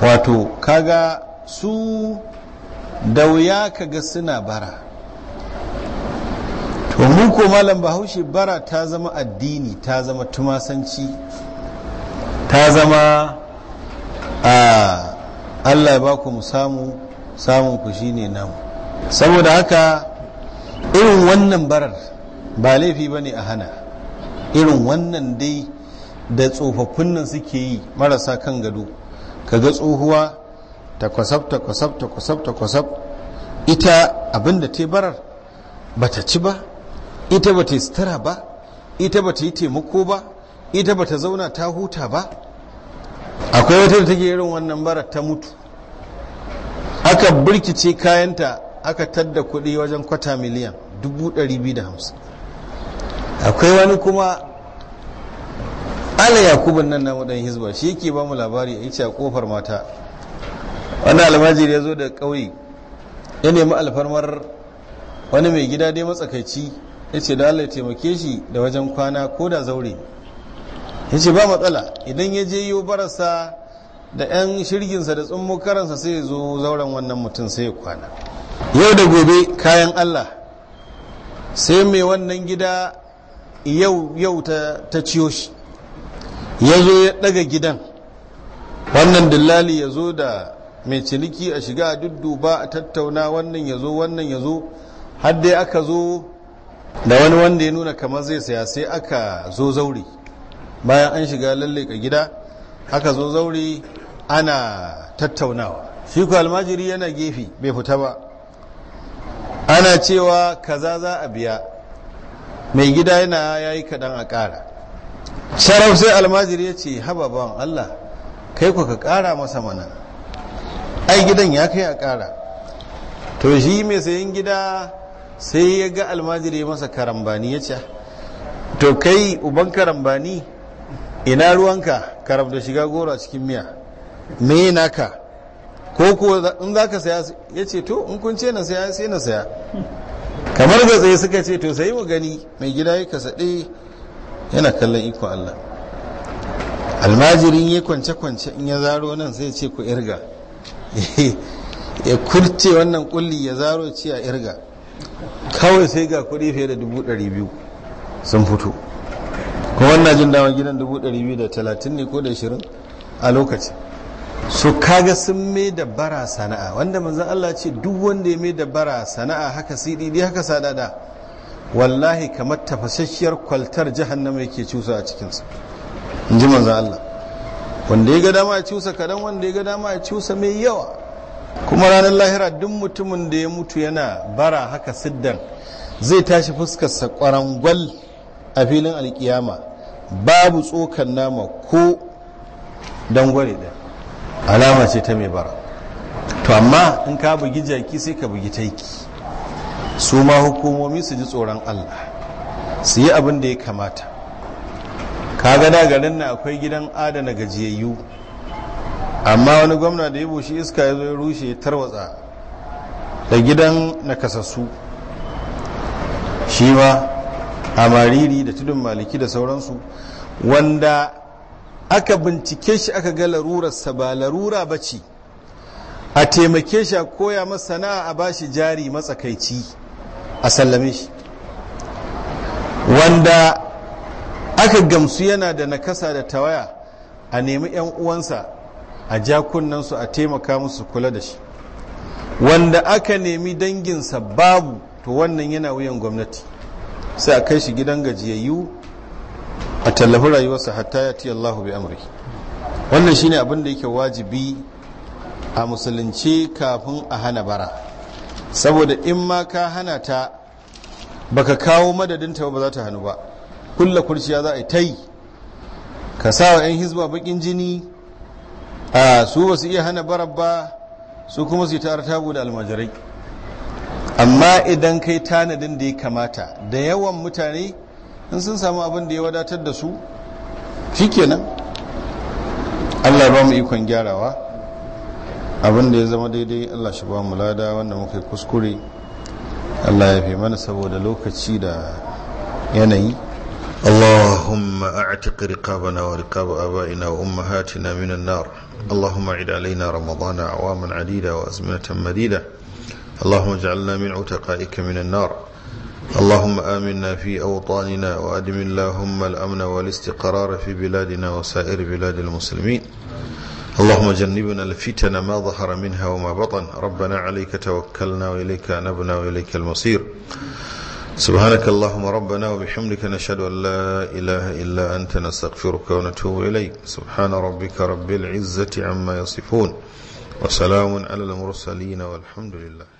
wato kaga su da wuya kaga suna bara to mu ko malam bahaushe bara ta zama addini ta zama tumasanci ta zama a allah ya ba ku mu samu samun ku ne namu saboda haka irin wannan barar ba laifi ba ne a hana irin wannan dai da tsofaffin nan suke yi marasa kan gado kaga tsohuwa ta kwasaf ta kwasaf ta kwasaf ta kwasaf ita abinda ta barar bata ci ba ita bata sutura ba ita bata yi taimako ba ita bata zauna ta huta ba akwai wata da take irin wannan barar ta mutu aka birkice kayanta aka tadda kuɗi wajen kwata miliyan da 250 akwai wani kuma ala yakubun nan namu dan hizba shi yake ba mu labari a yi a kofar mata wani almajiri ya zo da ƙauye ya nemi alfarmar wani mai gida dai matsakaici ya ce da allah ya taimake shi da wajen kwana ko da zaure ya ce ba matsala idan ya je yi barasa da 'yan shirginsa da tsummukaransa sai ya zo zauren wannan mutum sai ya kwana yau da gobe kayan allah sai mai wannan gida yau ta ciyo shi ya zo ya daga gidan wannan dillali ya zo da mai ciniki a shiga a dudduba a tattauna wannan ya zo wannan ya zo har dai aka zo da wani wanda ya nuna kamar zai saya sai aka zo zauri bayan an shiga lalle ka gida aka zo zauri ana tattaunawa shi ku almajiri yana gefe bai fita ba ana cewa kaza za a biya mai gida yana yayi kaɗan a ƙara sharaf sai almajiri ya ce haba bawan Allah kai ku ka kara masa mana ai gidan ya kai a kara to shi mai sayan gida sai ya ga almajiri masa karambani ya ce to kai uban karambani ina ruwanka karam da shiga goro a cikin miya me naka ko kuwa in za ka saya ya ce to in kun na saya sai na saya kamar da tsaye suka ce to sai mu gani mai gida ya kasaɗe eh, yana kallon iko Allah almajirin ya kwance-kwance in ya zaro nan sai ce ku irga ya kurce wannan kulli ya zaro ce a irga kawai sai ga kuɗi fiye da dubu ɗari biyu sun fito kuma wannan jin dawon gidan dubu ɗari biyu da talatin ne ko da ashirin a lokaci so kaga sun mai da bara sana'a wanda manzan Allah ce duk wanda ya mai da bara sana'a haka sidi haka sadada wallahi kamar tafasasshiyar kwaltar jahannama yake cusa a cikinsa in ji manzan Allah wanda ya ga dama ya cusa kadan wanda ya ga dama ya cusa mai yawa kuma ranar lahira duk mutumin da ya mutu yana bara haka siddan zai tashi fuskarsa kwarangwal a filin alkiyama babu tsokan nama ko dangware da alama ce ta mai bara to amma in ka bugi jaki sai ka bugi taiki su ma hukumomi su ji tsoron allah su yi abin da ya kamata ka da garin na akwai gidan adana gajiyayyu amma wani gwamna da ya bushe iska ya zo ya rushe ya tarwatsa da gidan na kasassu. shi ma a mariri da tudun maliki da sauransu wanda aka bincike shi aka ga larurarsa ba larura ba ce a taimake shi a koya masana sana'a a bashi jari matsakaici a sallame shi wanda aka gamsu yana da nakasa da tawaya a nemi 'yan uwansa a jakunansu a taimaka musu kula da shi wanda aka nemi danginsa babu to wannan yana wuyan gwamnati sai a kai shi gidan gajiyayyu a tallafi rayuwarsa hatta ya ti Allahu bi amri wannan shine abin da yake wajibi a musulunci kafin a hana bara saboda in ma ka hana ta ba ka kawo madadinta ba za ta hannu ba kulla kurciya za a yi ta yi ka sa wa 'yan hizba bakin jini a su ba su iya hana barab ba su kuma su yi ta'ar tabu da almajirai amma idan kai tanadin da ya kamata da yawan mutane in sun samu abin da ya wadatar da su shikenan allah ba mu ikon gyarawa abin da ya zama daidai allah shi ba mu lada wanda muka yi kuskure allah ya fi mana saboda lokaci da yanayi اللهم اعتق رقابنا ورقاب ابائنا وامهاتنا من النار اللهم اعد علينا رمضان اعواما عديده وازمنه مديده اللهم اجعلنا من عتقائك من النار اللهم امنا في اوطاننا وادم اللهم الامن والاستقرار في بلادنا وسائر بلاد المسلمين اللهم جنبنا الفتن ما ظهر منها وما بطن ربنا عليك توكلنا وإليك أنبنا وإليك المصير سبحانك اللهم ربنا وبحمدك نشهد أن لا إله إلا أنت نستغفرك ونتوب إليك سبحان ربك رب العزة عما يصفون وسلام على المرسلين والحمد لله